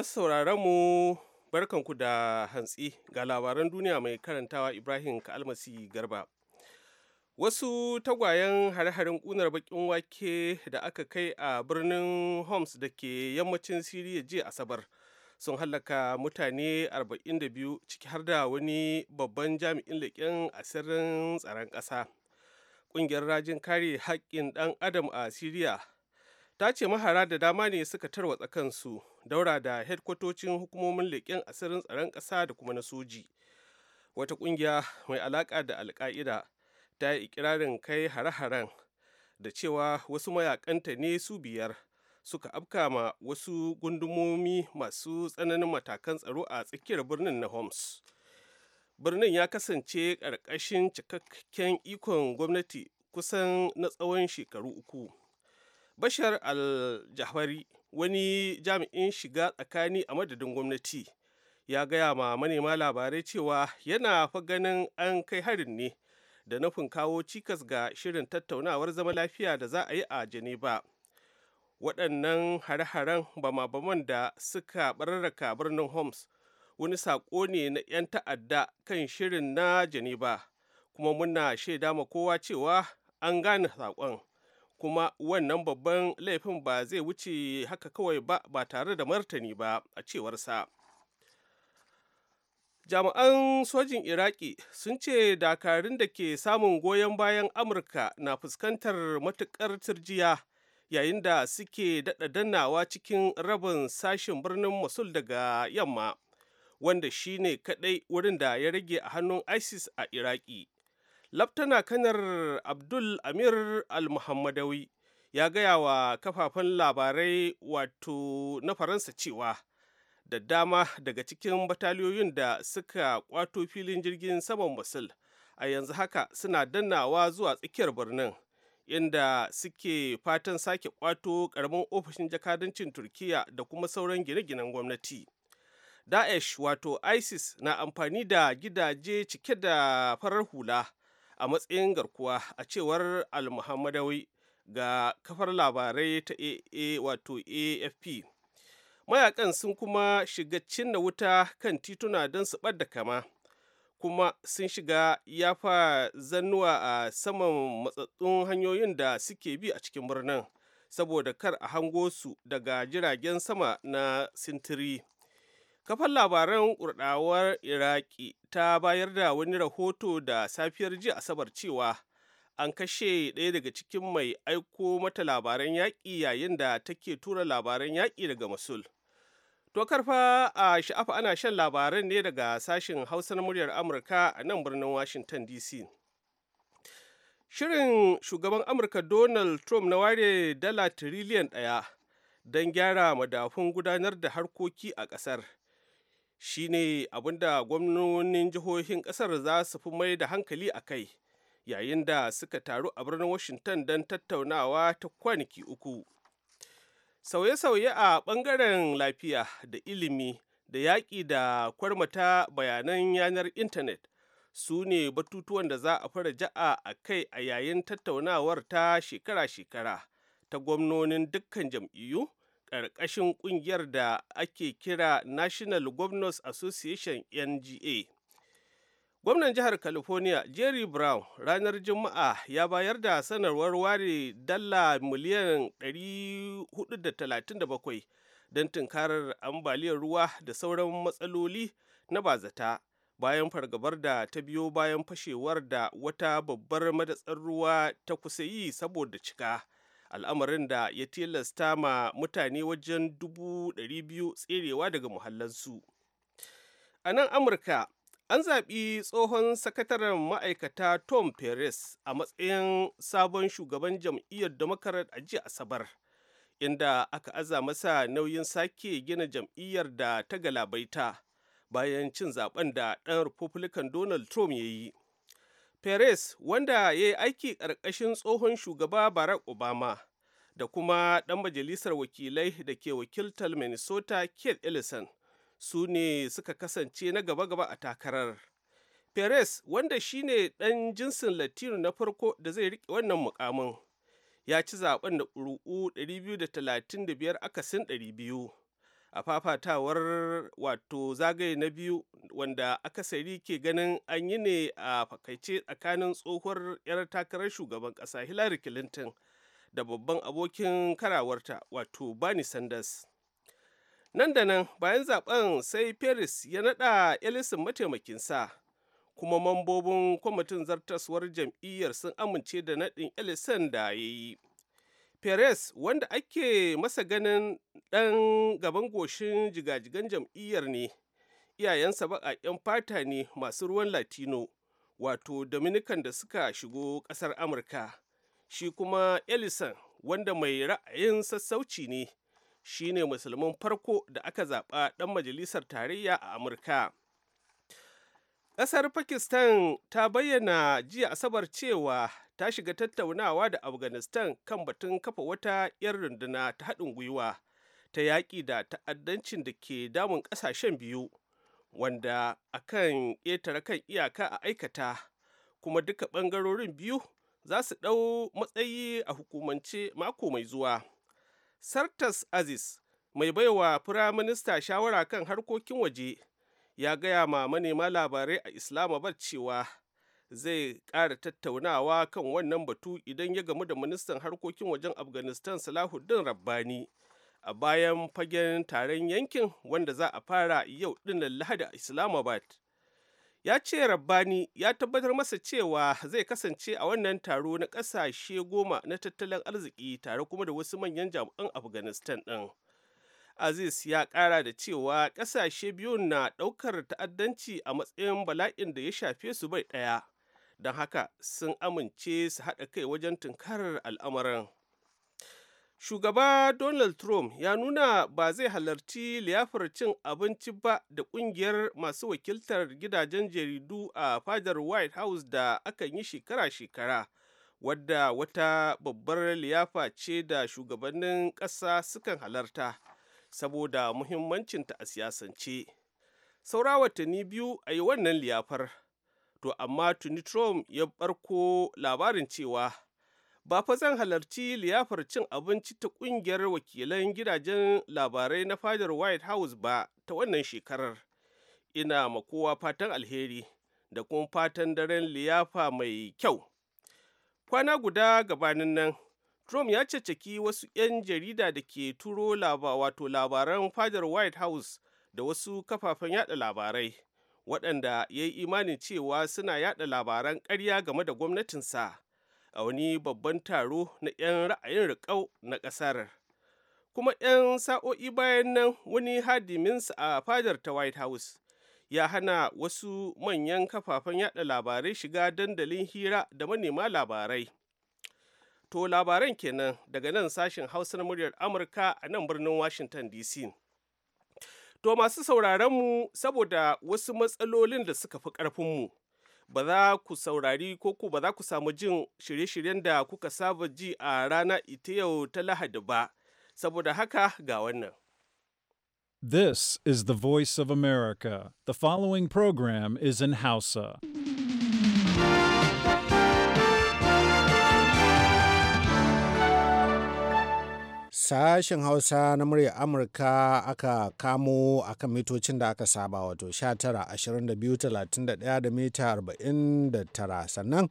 masu sauraron mu barkanku da hantsi ga labaran duniya mai karantawa Ibrahim Kalmasi Garba. Wasu tagwayen hare-haren ƙunar baƙin wake da aka kai a birnin Homs da ke yammacin Siriya jiya Asabar sun hallaka mutane 42 ciki har da wani babban jami'in leƙen asirin tsaron ƙasa. Ƙungiyar rajin kare haƙƙin ɗan adam a Siriya ta ce mahara da dama ne suka tarwatsa kansu daura da hedkwatocin hukumomin leƙen asirin tsaron ƙasa da kuma na soji wata ƙungiya mai alaƙa da alƙa'ida ta yi ikirarin kai hare-haren da cewa wasu mayakanta ne su biyar suka afka ma wasu gundumomi masu tsananin matakan tsaro a tsakiyar birnin na homs birnin ya kasance ƙarƙashin cikakken ikon gwamnati kusan na tsawon shekaru uku bashar al-jahwari wani jami'in shiga tsakani a madadin gwamnati ya gaya ma manema labarai cewa yana fa ganin an kai harin ne da nufin kawo cikas ga shirin tattaunawar zama lafiya da za a yi a geneva waɗannan hare-haren bama-baman da suka bararraka birnin homs wani saƙo ne na 'yan ta'adda kan shirin na geneva kuma muna shaida ma kowa cewa an gane saƙon kuma wannan babban laifin ba zai wuce haka kawai ba ba tare da martani ba a cewarsa jami'an sojin iraki sun ce dakarun da ke samun goyon bayan amurka na fuskantar matukar turjiya yayin da suke daɗa dannawa cikin rabin sashen birnin mosul daga yamma wanda shine kaɗai wurin da ya rage a hannun isis a iraki laftana kanar abdul amir al-muhammadawi ya gaya wa kafafen labarai wato na faransa cewa da dama daga cikin bataliyoyin da suka kwato filin jirgin saman basil a yanzu haka suna dannawa zuwa tsakiyar birnin inda suke fatan sake kwato karamin ofishin jakadancin turkiya da kuma sauran gine-ginen gwamnati daesh wato isis na amfani da gidaje cike da farar hula a matsayin garkuwa a cewar al ga kafar labarai ta aa wato afp mayakan sun kuma shiga cinna wuta kan tituna don su da kama kuma sun shiga ya fa zannuwa a saman matsattun hanyoyin da suke bi a cikin birnin saboda kar a hango su daga jiragen sama na sintiri kafar labaran urdawar iraki ta bayar da wani rahoto da safiyar jiya asabar cewa an kashe ɗaya daga cikin mai aiko mata labaran yaƙi yayin da take tura labaran yaƙi daga masul to karfa a sha'afa ana shan labaran ne daga sashen hausa na muryar amurka a nan birnin washington dc shirin shugaban amurka donald trump na ware dala tiriliyan ɗaya don gyara madafun gudanar da harkoki a ƙasar shine abinda gwamnonin jihohin kasar za su fi mai da hankali a kai yayin da suka taru a birnin washington don tattaunawa ta kwanaki uku sauye-sauye a ɓangaren lafiya da ilimi da yaƙi da kwarmata bayanan yanar intanet su ne batutuwan da za a fara ja'a a kai a yayin tattaunawar ta shekara-shekara ta gwamnonin dukkan jam'iyyu ƙarƙashin ƙungiyar da ake kira National Governors Association NGA. Gwamnan jihar California Jerry Brown ranar Juma'a ya bayar da sanarwar ware dala miliyan 437 don tunkarar ambaliyar ruwa da sauran matsaloli na bazata bayan fargabar da ta biyo bayan fashewar da wata babbar madatsar ruwa ta kusa yi saboda cika. al'amarin da ya tilasta ma mutane wajen dubu ɗari biyu tserewa daga muhallansu a nan amurka an zaɓi tsohon sakataren ma'aikata tom perez a matsayin sabon shugaban jam'iyyar democrat a jiya asabar inda aka aza masa nauyin sake gina jam'iyyar da ta galabaita bayan cin zaɓen da ɗan republican donald trump ya yi Perez wanda ya yi aiki ƙarƙashin tsohon shugaba Barack Obama da kuma ɗan majalisar wakilai da ke wakiltar Minnesota Keith Ellison su ne suka kasance na gaba-gaba a takarar. Perez wanda shine ɗan jinsin Latino na farko da zai riƙe wannan mukamin ya ci zaɓen da ƙuri'u 235 akasin 200. a fafatawar wato zagaye na biyu wanda akasari ke ganin an yi ne a fakaice tsakanin tsohuwar 'yar takarar shugaban ƙasa hillary clinton da babban abokin karawarta wato bernie sanders nan da nan bayan zaben sai paris ya nada mataimakin sa kuma mambobin kwamitin zartaswar jam'iyyar sun amince da naɗin ellison da ya yi Perez wanda ake masa ganin ɗan gaban goshin jigajigan jam'iyyar ne, iyayensa baƙaƙen fata ne masu ruwan Latino, wato Dominican da suka shigo ƙasar Amurka. Shi kuma Ellison wanda mai ra'ayin sassauci ne, shine ne musulmin farko da aka zaɓa ɗan majalisar tarayya a Amurka. Ƙasar Pakistan ta bayyana jiya Asabar cewa ta shiga tattaunawa da Afghanistan kan batun kafa wata 'yan runduna ta haɗin gwiwa ta yaƙi da ta'addancin da ke damun ƙasashen biyu, wanda akan ƙetare kan iyaka a aikata, kuma duka ɓangarorin biyu za su ɗau matsayi a hukumance mako mai zuwa. Sartas Aziz, mai baiwa Firaminista shawara kan harkokin waje, ya gaya ma manema labarai a islamabad cewa zai ƙara tattaunawa kan wannan batu idan ya gamu da ministan harkokin wajen afghanistan salahuddin rabbani a bayan fagen taron yankin wanda za a fara yau dinnan lahadi a islamabad ya ce rabbani ya tabbatar masa cewa zai kasance a wannan taro na ƙasashe goma na tattalin arziki tare kuma da wasu manyan jami'an afghanistan ɗin. Aziz ya kara da cewa kasashe biyu na daukar ta'addanci a matsayin bala'in da ya shafe su bai daya don haka sun amince su haɗa kai wajen tunkarar al'amarin. Shugaba Donald Trump ya nuna ba zai halarci liyafar cin abinci ba da kungiyar masu wakiltar gidajen jaridu a fadar White House da akan yi shekara-shekara. wadda wata babbar liyafa ce da shugabannin ƙasa sukan halarta saboda muhimmancinta a siyasance saura watanni biyu a yi wannan liyafar to amma tuni trump ya barko labarin cewa ba fa zan halarci liyafar cin abinci ta ƙungiyar wakilan gidajen labarai na fadar white house ba ta wannan shekarar ina ma kowa fatan alheri da kuma fatan daren liyafa mai kyau kwana guda gabanin nan Trump ya caccaki wasu 'yan jarida da ke turo wato labaran fadar White House da wasu kafafen yada labarai waɗanda ya yi imanin cewa suna yada labaran ƙarya game da gwamnatinsa a wani babban taro na 'yan ra'ayin riƙau na ƙasar. Kuma 'yan sa'o'i bayan nan wani hadiminsa a fadar ta White House ya hana wasu manyan kafafen yada labarai shiga dandalin hira da manema labarai. To labaran kenan daga nan sashen Hausa na muryar Amurka a nan birnin Washington DC. To masu sauraronmu saboda wasu matsalolin da suka fi ƙarfinmu, ba za ku saurari ko ku ba za ku samu jin shirye-shiryen da kuka saba ji a rana ita yau ta Lahadi ba, saboda haka ga wannan. This is the voice of America. The following program is in Hausa. Sashen Hausa na muryar Amurka aka kamo akan mitocin da aka saba wato 19,22,31 da mita 49 sannan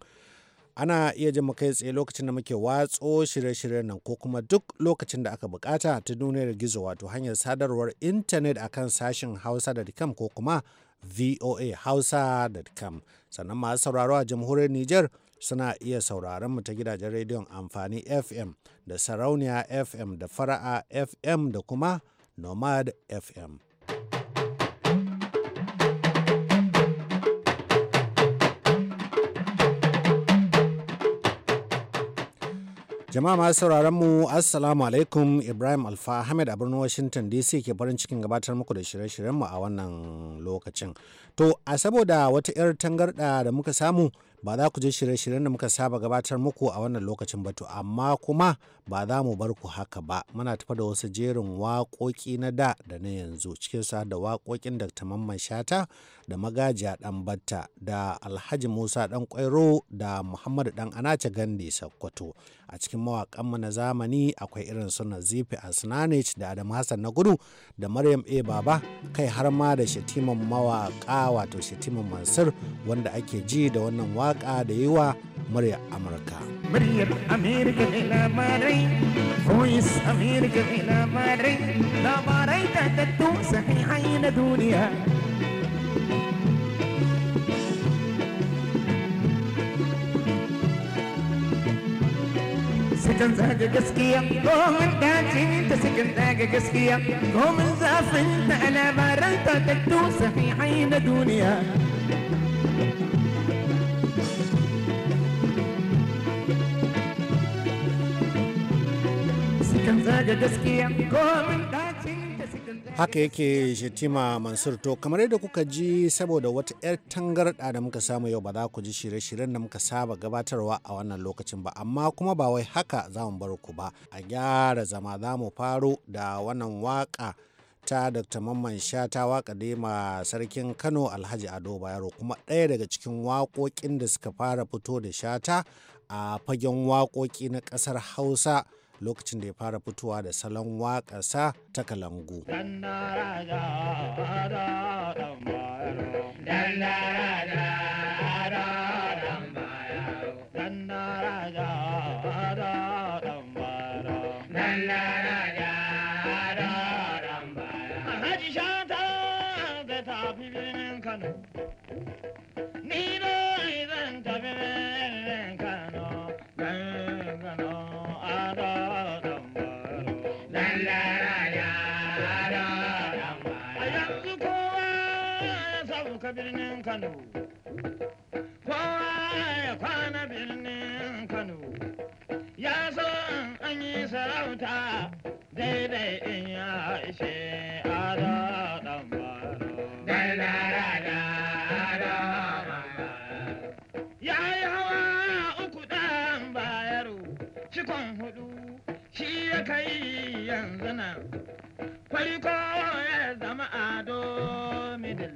ana iya jin kai tsaye lokacin da muke watso shirye-shiryen nan ko kuma duk lokacin da aka bukata ta duniyar gizo wato hanyar sadarwar intanet akan sashen hausa hausa.com ko kuma voa hausa hausa.com sannan masu sauraro a jamhuriyar Nijar. suna iya sauraron mu ta gidajen rediyon amfani FM da Sarauniya FM da Fara'a FM da kuma Nomad FM. Jama'a masu sauraron mu Assalamu alaikum Ibrahim Alfa Ahmed a birnin Washington DC ke farin cikin gabatar muku da shirye-shiryenmu a wannan lokacin. To, a saboda wata 'yar tangarɗa da muka samu ba za ku je shirye-shiryen da muka saba gabatar muku a wannan lokacin batu, amma kuma ba za mu bar ku haka ba muna tafa da wasu jerin waƙoƙi na da da na yanzu cikin su da waƙoƙin da Mamman Shata da magajiya dan batta da alhaji musa dan kwairo da muhammadu dan anace gande sakkwato a cikin mawakan mu na zamani akwai irin su nazifi asnanich da adam hassan na gudu da maryam a baba kai har ma da shatiman mawaka wato shatiman mansur wanda ake ji da wannan waka da yiwa murya amurka muryar amurka ne labarai voice amurka ne labarai labarai ta tattu sahihai na duniya سكن زاقة قسكية قوم داتي انت سكن زاقة قسكية قوم زاف انت على بارنتا تكتوس في عين دنيا سكن زاقة قسكية قوم haka yake shetima mansur to kamar yadda kuka ji saboda wata 'yar tangarɗa da muka samu yau ba za ku ji shirye-shiryen da muka saba gabatarwa a wannan lokacin ba amma kuma ba wai haka za mu bar ku ba a gyara zama za mu faro da wannan waka ta dr mamman sha ta waka ma sarkin kano alhaji ado bayero kuma ɗaya daga cikin waƙoƙin da suka fara fito da shata a fagen waƙoƙi na ƙasar hausa lokacin da ya fara fitowa da salon waƙasa ta kalangu. Kano. Kowa ya kwana birnin Kano, ya so an yi sarauta daidai in ya ishe ado Ya yi hawa uku ɗan cikon hudu shi ya kai yanzu nan, kwaliko ya zama ado midil.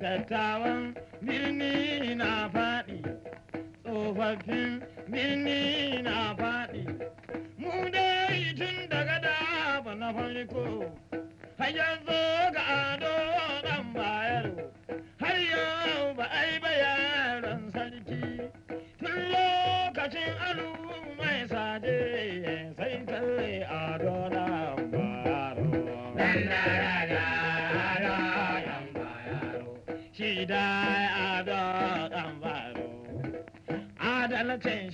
dattawan birni na faɗi tsofaffin birni na faɗi mu dai tun daga da na farko har mutum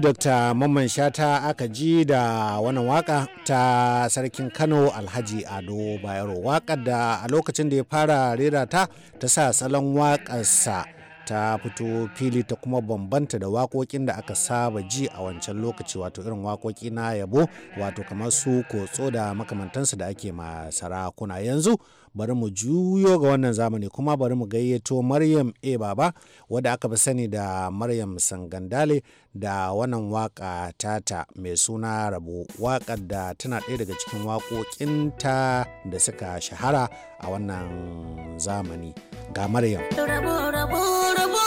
dr mamman shata aka ji da wannan waka ta sarkin kano alhaji ado bayero wakar da a lokacin da ya fara rera ta ta sa salon wakarsa ta fito fili ta kuma bambanta da waƙoƙin da aka saba ji a wancan lokaci wato irin waƙoƙi na yabo wato kamar su kotso da makamantansu da ake ma sarakuna yanzu bari mu juyo ga wannan zamani kuma bari mu gayyato maryam a baba wadda aka fi sani da maryam sangandale da wannan waka tata mai suna rabo wakar da tana ɗaya daga cikin waƙoƙinta da suka shahara a wannan zamani ga maryam rabu, rabu, rabu,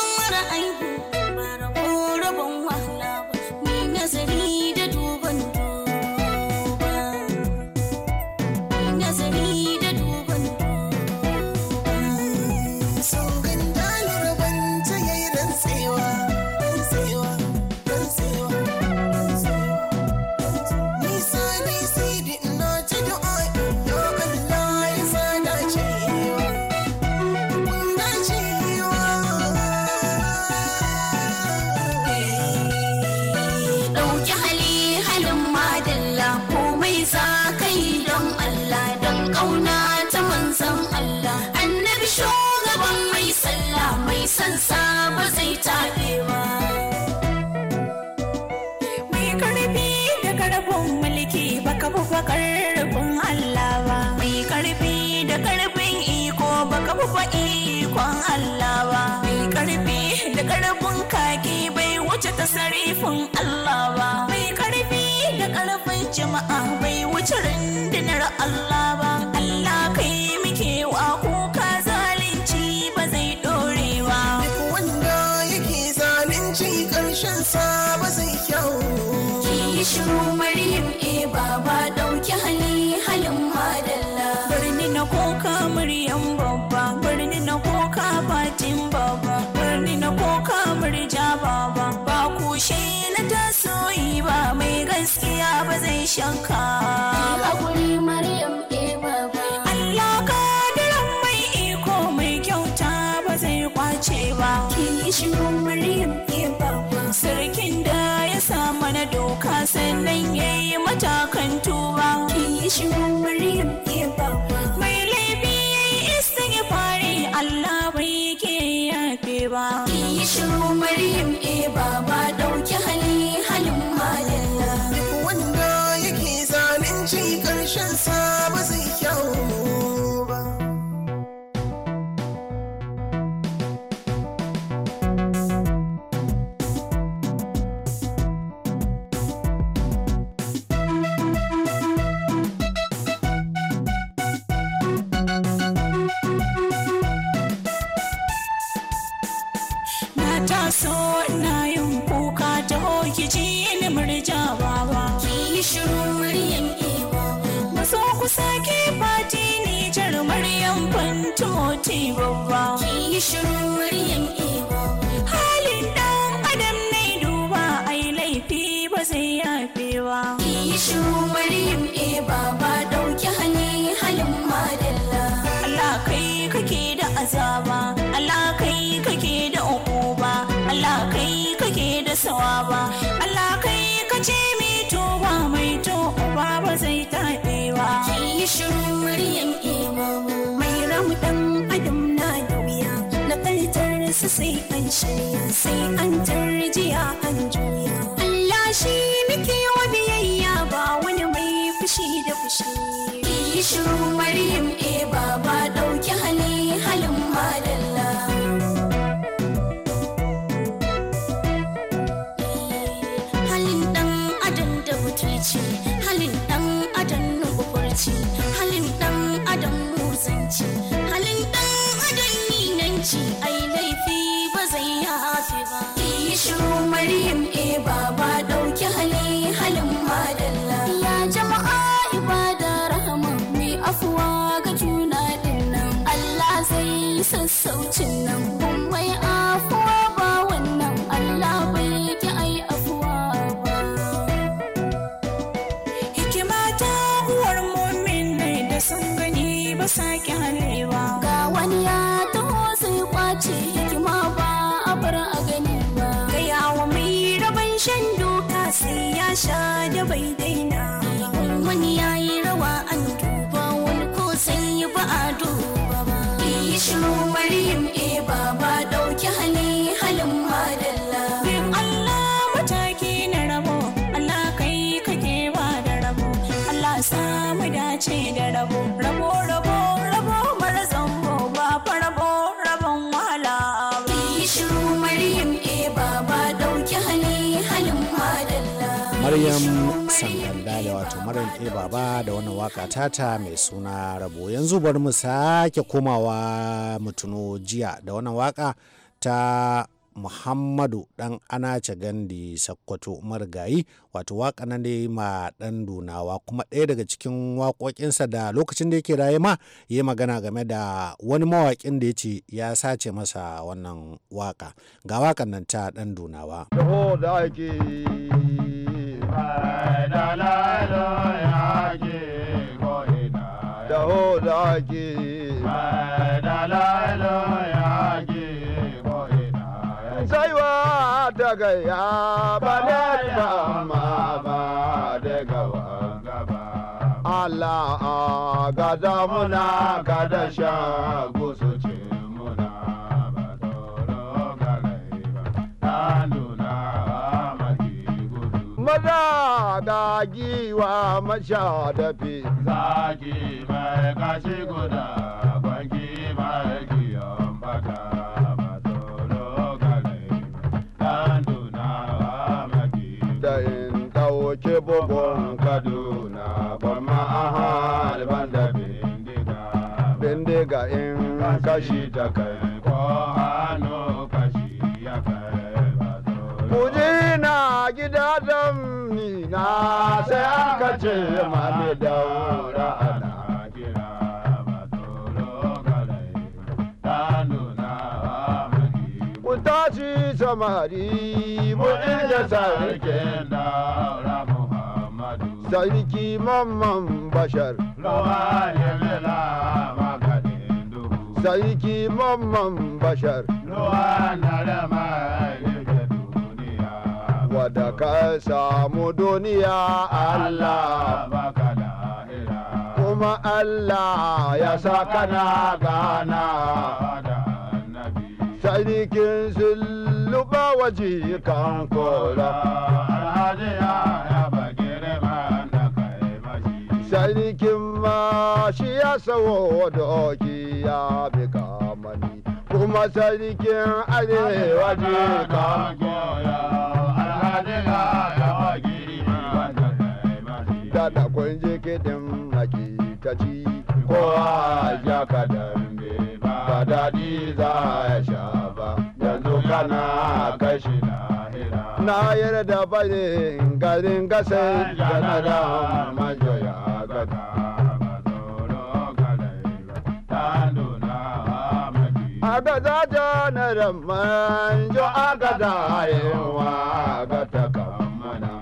shiru maryam e baba dauki hali halin madalla birni na koka maryam babba birni na koka fatin babba birni na koka murja baba ba kushe na tasoyi ba mai gaskiya ba zai shanka a maryam e baba Allah kadiran mai iko mai kyauta ba zai kwace ba ki shiru maryam e baba sarkin da ya sa mana doka janye matakan tuba ki shiru maryam iya baba mai laifi yayi istighfari Allah bai ke yafe ba ki shiru maryam iya Ba. shiru iko halin dan adam nai duba ai laifi ba zai yafe ba ki yi shiru maryam eba ba ɗauki hani halin madalla Allah kai kake da azaba alakai kai kake da ukuba alakai kai kake da sawa Allah kai kace mai toba mai toba ba zai taɓewa ki yi shiru maryam e baba mai ramu su sai an shirya sai an tarjiya an juya Allah shi nake wa biyayya ba wani mai fushi da fushi yi shiru Maryam e baba dauki hali halin malam ba sa ba. Ga wani ya taho sai kwace hikima ba a bar a gani ba. Gaya wa mai rabon shan doka sai ya sha da bai daina. Wani ya yi rawa an duba wani ko sai ba a duba ba. Iyi shiru Maryam e ba ɗauki hali halin madalla. samu dace da rabo rabo rabo wato maryam E baba da wannan waka tata mai suna rabo yanzu bari mu sake komawa mutuno jiya da wannan waka ta muhammadu dan anace gandi sakkwato marigayi wato waka nan yi ma dan dunawa kuma ɗaya daga cikin waƙoƙinsa da lokacin da yake raye ma ya magana game da wani mawaƙin da ya ce ya sace masa wannan waka ga wakan nan ta dan dunawa yaki saiwa daga ya bane ma ba daga wanga ba Allah gada muna gada shan da da giwa masha dafi zagi mai kashi guda bangi mai giyon baka matolo gane dan duna maki da in dauke bugun kaduna ban ma'ahal ban da bindiga bindiga in kashi ta kai na sai aka ce mami daura ana kira matoro kalai ta nuna maki ku tashi samari mu inda sarkin daura muhammadu sarki mamman bashar rawa yalila sarki mamman bashar ruwa na da mai wadda ka samu duniya Allah baka lahira kuma Allah ya sa kana gana da annabi sarkin waje kan kola alhaji ya bagire ban na kai mashi ma shi ya sawo doki ya bi kamani kuma sarkin arewa je kan kola da kwan je kiɗin maki ta ci kowa ya ka dambe za ya sha ba yanzu kana kashi lahira na yarda ba ne garin gasa yana da majoya gada ba kalai ba agada na manjo agada yawa gata kamana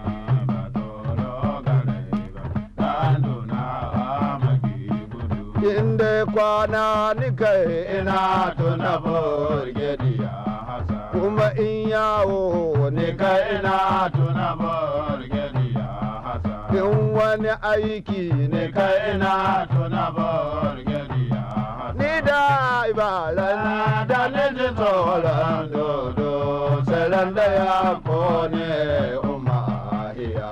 Inde kwana kai ina tuna ya hasa kuma in yawo ni kai ina tuna ya hasa in wani aiki ni kai ina tuna burge da ibalan da ne ji tsoron dodo tsaron da ya kone umma iya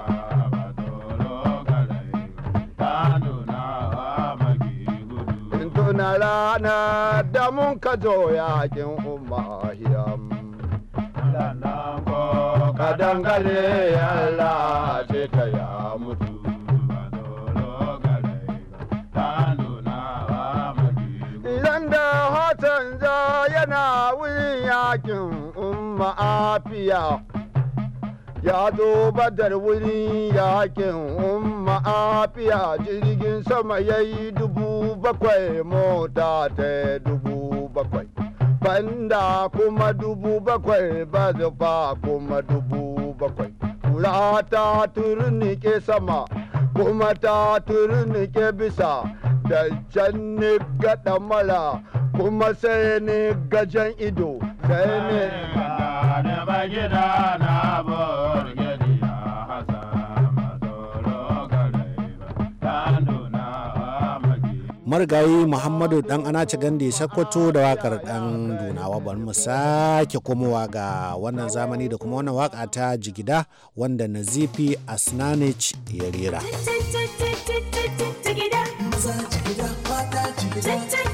rana da mun ka zo yakin umma hiyam. Kadan gale Allah ce ka ya mutu. canja yana wurin yakin umma afiya ya zo badar wurin yakin umma afiya jirgin sama ya yi dubu bakwai mota ta dubu bakwai banda kuma dubu bakwai bazufa kuma dubu bakwai kura ta turnike sama kuma ta turnike bisa da can ne mala kuma sai ni gajen ido sai ni da na burgidi muhammadu dan anace gandi sakkwato da wakar dan dunawa bari mu sake komowa ga wannan zamani da kuma wannan waka ta jigida wanda nazifi asnanich ya rera jigida jigida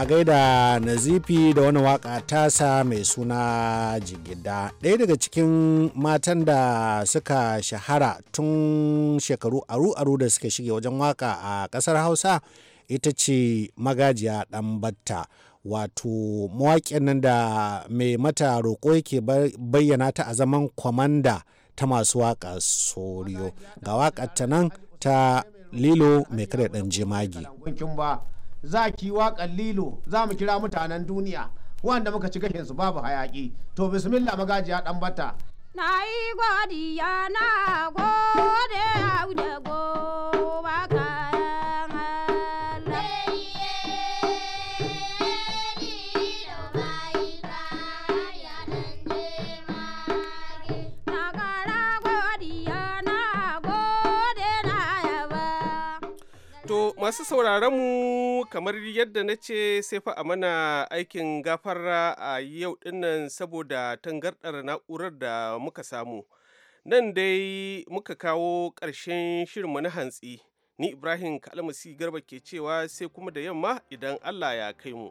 a gaida nazifi da wani waka tasa mai suna jigida ɗaya daga cikin matan da suka shahara tun shekaru aru-aru da suka shige wajen waka a ƙasar hausa ita ce magajiya ɗan batta wato mawaƙin nan da mai mata roƙo yake bayyana ta a zaman kwamanda ta masu waka soriyo ga waƙar ta nan ta lilo mai kada ɗan jemage za kiwa lilo za mu kira mutanen duniya wanda muka ci gashin su babu hayaki to bismillah magajiya dan bata na yi godiya na gode da goma. Masu sauraron mu kamar yadda na ce sai fa a mana aikin gafara a yau dinnan saboda tangarɗar na'urar da muka samu. Nan dai muka kawo ƙarshen shirinmu na hantsi. Ni Ibrahim Kalmasi Garba ke cewa sai kuma da yamma idan Allah ya kai mu.